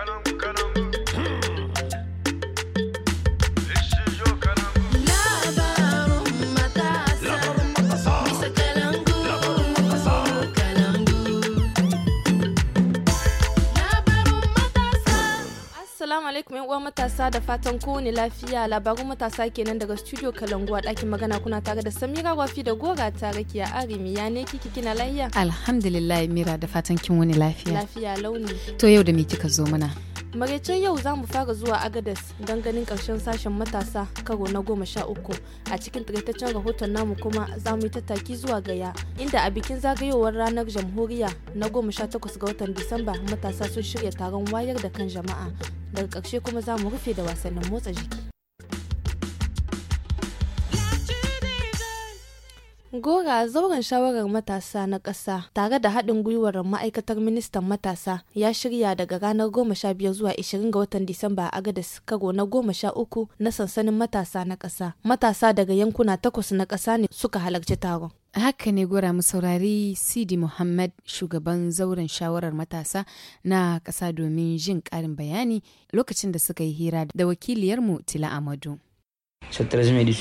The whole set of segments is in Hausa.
Economic alaikum yan uwa matasa da fatan kowane lafiya labarun matasa kenan daga studio kalangu a ɗakin magana kuna tare da samira wafi da gora tare kiya arimi ya ne kiki kina lahiya alhamdulillah mira da fatan kin wani lafiya lafiya launi to yau da me kika zo mana maraicen yau za mu fara zuwa agadas don ganin ƙarshen sashen matasa karo na goma sha uku a cikin takaitaccen rahoton namu kuma za mu yi tattaki zuwa gaya inda a bikin zagayowar ranar jamhuriya na goma sha takwas ga watan disamba matasa sun shirya taron wayar da kan jama'a daga karshe kuma za mu rufe da wasannin motsa jiki Gora zauren shawarar matasa na ƙasa tare da haɗin gwiwar ma'aikatar ministan matasa ya shirya daga ranar goma sha biyar zuwa ishirin ga watan Disamba a Agadis karo na goma sha uku na sansanin matasa na ƙasa. Matasa daga yankuna takwas na ƙasa ne suka halarci taron. Haka ne gora mu saurari Sidi Muhammad shugaban zauren shawarar matasa na ƙasa domin jin ƙarin bayani lokacin da suka yi hira da wakiliyarmu Tila Amadu. Wannan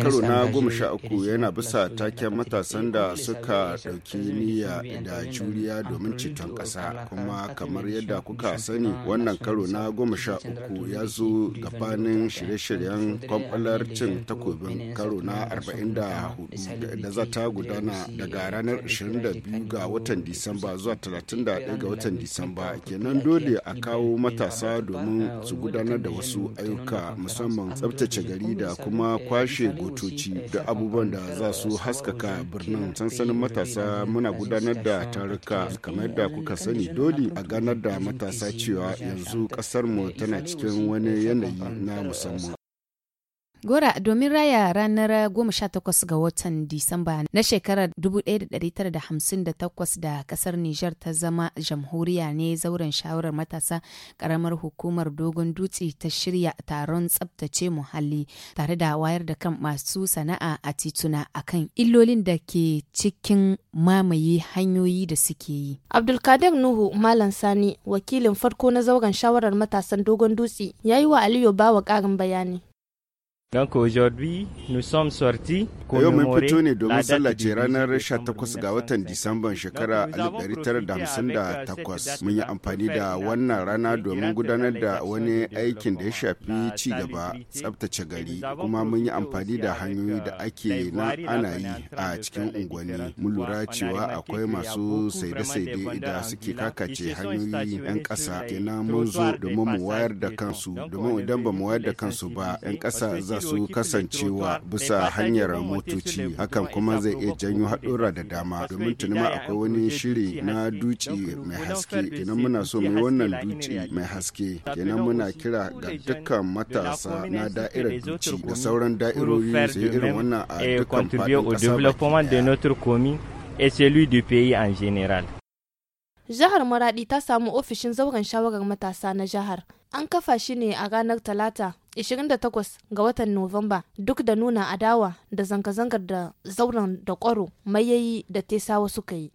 karo na goma sha uku yana bisa taken matasan da suka ɗauki niyya da juriya domin ceton ƙasa kuma kamar yadda kuka sani wannan karo na goma sha uku ya zo gabanin shirye-shiryen kwamfalar cin takobin karo na 44 da za ta gudana daga ranar 22 ga watan Disamba zuwa 31 ga watan Disamba kenan dole a kawo matasa domin su gudanar da wasu ayyuka musamman tsabtace tsaftace gari da kuma kwashe gotoci da abubuwan da za su haskaka birnin sansanin matasa muna gudanar da taruka kamar da kuka sani dole a ganar da matasa cewa yanzu kasar mu tana cikin wani yanayi na musamman Gora domin raya ranar 18 ga watan Disamba na shekarar 1958 da kasar Nijar ta zama jamhuriya ne zauren shawarar matasa karamar hukumar dogon dutse ta shirya taron tsabtace muhalli tare da wayar da kan masu sana'a a tituna akan illolin da ke cikin mamaye hanyoyi da suke yi. Abdulkadir Nuhu Malam Sani wakilin farko na zauren shawarar matasan dogon dutse ya yi wa Aliyu bawa ƙarin bayani. Donc aujourd'hui, nous sommes sortis Yau mun fito ne domin sallace ranar 18 ga watan Disamban shekara 1958. Euh, mun yi amfani da wannan rana domin gudanar da wani aikin da ya shafi ci gaba tsabtace gari kuma mun yi amfani da hanyoyi euh, da ake na ana yi a cikin unguwanni. Mun lura cewa akwai masu saide-saide da suke kakace hanyoyi 'yan ƙasa kenan mun zo domin mu wayar da kansu domin idan ba mu wayar da kansu ba 'yan ƙasa za Su kasancewa bisa hanyar motoci hakan kuma zai iya janyo haɗura da dama domin tuni ma akwai wani shiri na duci mai haske kenan muna so mu wannan duci mai haske kenan muna kira ga dukkan matasa na da'irar duci da sauran da'irori su yi irin wannan a eh, dukkan faɗin general. Jihar Maradi ta samu ofishin zauren shawarar matasa na jihar. An kafa shi ne a ranar Talata 28 ga watan Nuwamba duk da nuna adawa da zanga-zangar da zauren da kwaro mayayi da tesawa suka yi.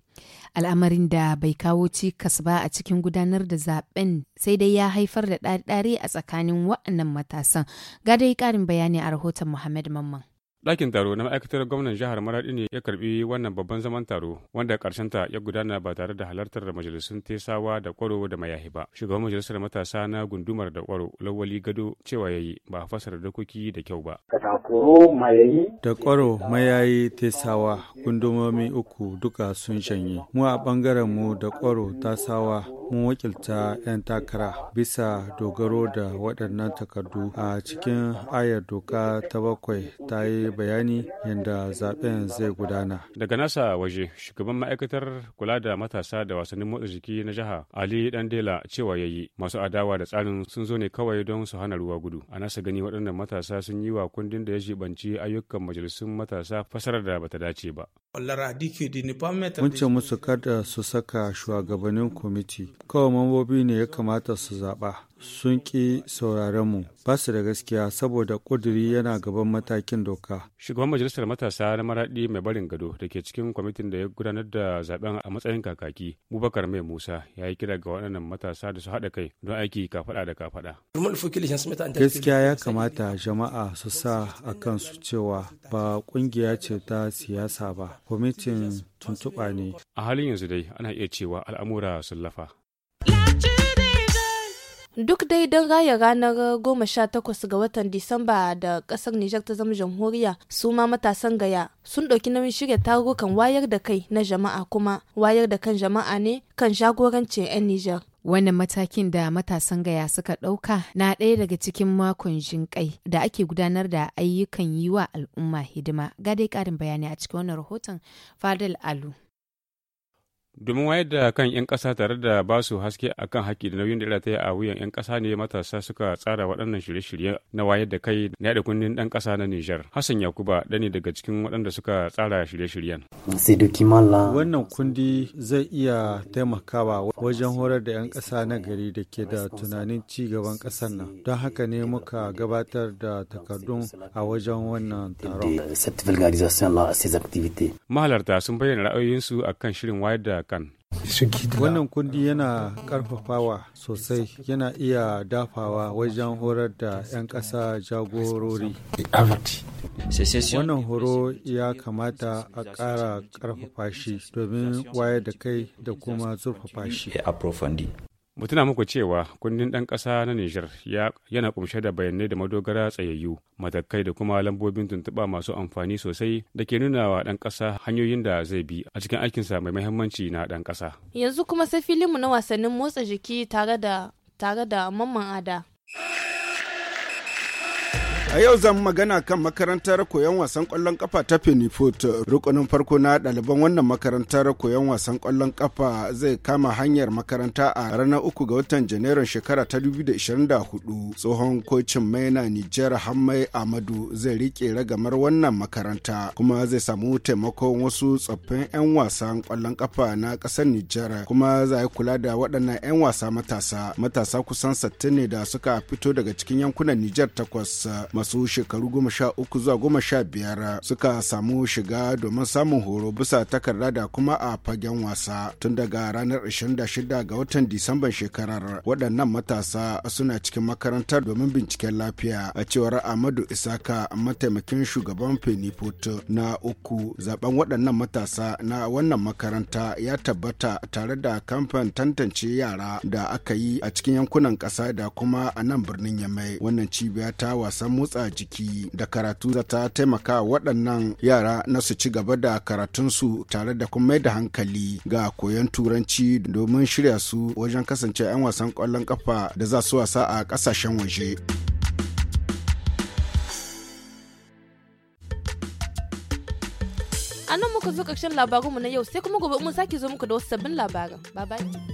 Al'amarin da bai kawo cikas ba a cikin gudanar da zaben sai dai ya haifar da ɗari a tsakanin waɗannan matasan. Ga dai ƙarin bayani a rahoton Muhammad Mamman. Ɗakin taro na ma'aikatar gwamnan jihar Maradi ne ya karbi wannan babban zaman taro wanda ta ya gudana ba tare da halartar majalisun Tesawa da Kwaro da Mayahi ba. Shugaban majalisar matasa na gundumar da Kwaro Lawali Gado cewa ya yi ba a fasara dokoki da kyau ba. Da Kwaro Mayayi Tesawa gundumomi uku duka sun shanye. Mu a ɓangaren mu da kwaro ta sawa mun wakilta 'yan takara bisa dogaro da waɗannan takardu a cikin ayar doka ta bakwai ta yi bayani yadda zaben zai gudana. Daga nasa waje shugaban ma'aikatar kula da matasa da wasannin motsa jiki na jiha Ali dela cewa ya yi masu adawa da tsarin sun zo ne kawai don su hana ruwa gudu. A nasa gani waɗannan matasa sun yi wa kundin da ya jibanci ayyukan majalisun matasa fasarar da bata dace ba. Mun ce musu kada su saka shugabannin kwamiti, kawai mambobi ne ya kamata su zaɓa. sun ƙi sauraron mu ba su da gaskiya saboda ƙuduri yana gaban matakin doka. Shugaban majalisar matasa na maraɗi mai barin gado da ke cikin kwamitin da ya gudanar da zaben a matsayin kakaki Bubakar Mai Musa ya yi kira ga waɗannan matasa da su haɗa kai don aiki kafaɗa da kafaɗa. Gaskiya ya kamata jama'a su sa a kansu cewa ba ƙungiya ce ta siyasa ba kwamitin tuntuɓa ne. A halin yanzu dai ana iya cewa al'amura sun lafa. Duk dai don raya ranar goma sha takwas ga watan Disamba da kasar Nijar ta zama jamhuriya, su ma matasan gaya sun ɗauki nauyin shirya tarukan wayar da kai na jama'a kuma wayar da kan jama'a ne kan jagorancin 'yan Nijar. wannan matakin da matasan gaya suka ɗauka na ɗaya daga cikin makon jinƙai da ake gudanar da ayyukan yi wa al'umma hidima ga dai ƙarin bayani a cikin wannan rahoton fadil alu domin wayar da kan 'yan ƙasa tare da ba su haske a kan haƙƙi da nauyin da rataya a wuyan 'yan ƙasa ne matasa suka tsara waɗannan shirye-shirye na wayar da kai na yaɗa kundin ɗan ƙasa na Nijar. Hassan Yakuba ɗani daga cikin waɗanda suka tsara shirye-shiryen. Wannan kundi zai iya taimakawa wajen horar da 'yan ƙasa na gari da ke da tunanin ci gaban ƙasar nan. Don haka ne muka gabatar da takardun a wajen wannan taron. Mahalarta sun bayyana ra'ayoyinsu akan shirin wayar da kan. wannan kundi yana ƙarfafawa sosai yana iya dafawa wajen horar da 'yan ƙasa jagorori wannan horo ya kamata a ƙara ƙarfafa shi domin wayar da kai da kuma zurfafa shi mu tuna muku cewa kundin ɗan ƙasa na Nijar yana kumshe da bayanai da madogara tsayayyu, matakai da kuma lambobin tuntuɓa masu amfani sosai da ke nuna wa ɗan ƙasa hanyoyin da zai bi a cikin aikinsa mai muhimmanci na ɗan ƙasa. Yanzu kuma sai filinmu na wasannin motsa jiki tare da tare da mamman ada. A yau zan magana kan makarantar koyon wasan kwallon kafa ta Fenifort. Rukunin farko na ɗaliban wannan makarantar koyon wasan kwallon kafa zai kama hanyar makaranta a ranar uku ga watan Janairun shekara ta 2024. Tsohon kocin maina Nijar Hammai Amadu zai riƙe ragamar wannan makaranta kuma zai samu taimakon wasu tsoffin 'yan wasan kwallon kafa na ƙasar Nijar kuma za a kula da waɗannan 'yan wasa matasa. Matasa kusan 60 ne da suka fito daga cikin yankunan Nijar takwas. masu shekaru goma sha uku zuwa goma sha biyar suka samu shiga domin samun horo bisa takarda da kuma a fagen wasa tun daga ranar 26 ga watan disamban shekarar waɗannan matasa suna cikin makarantar domin binciken lafiya a cewar amadu isaka mataimakin shugaban fenipot na uku zaben waɗannan matasa na wannan makaranta ya tabbata tare da kamfan tantance yara da aka yi a cikin yankunan ƙasa da kuma a nan birnin yamai wannan cibiya ta wasan motsa motsa jiki da karatu za ta taimaka waɗannan yara na su ci gaba da karatunsu tare da kuma da hankali ga koyon turanci domin shirya su wajen kasance 'yan wasan ƙwallon kafa da za su wasa a ƙasashen waje. a nan muka zo ƙarshen labarinmu na yau sai kuma gobe mun sake zo muku da wasu sabbin labaran. Bye bye.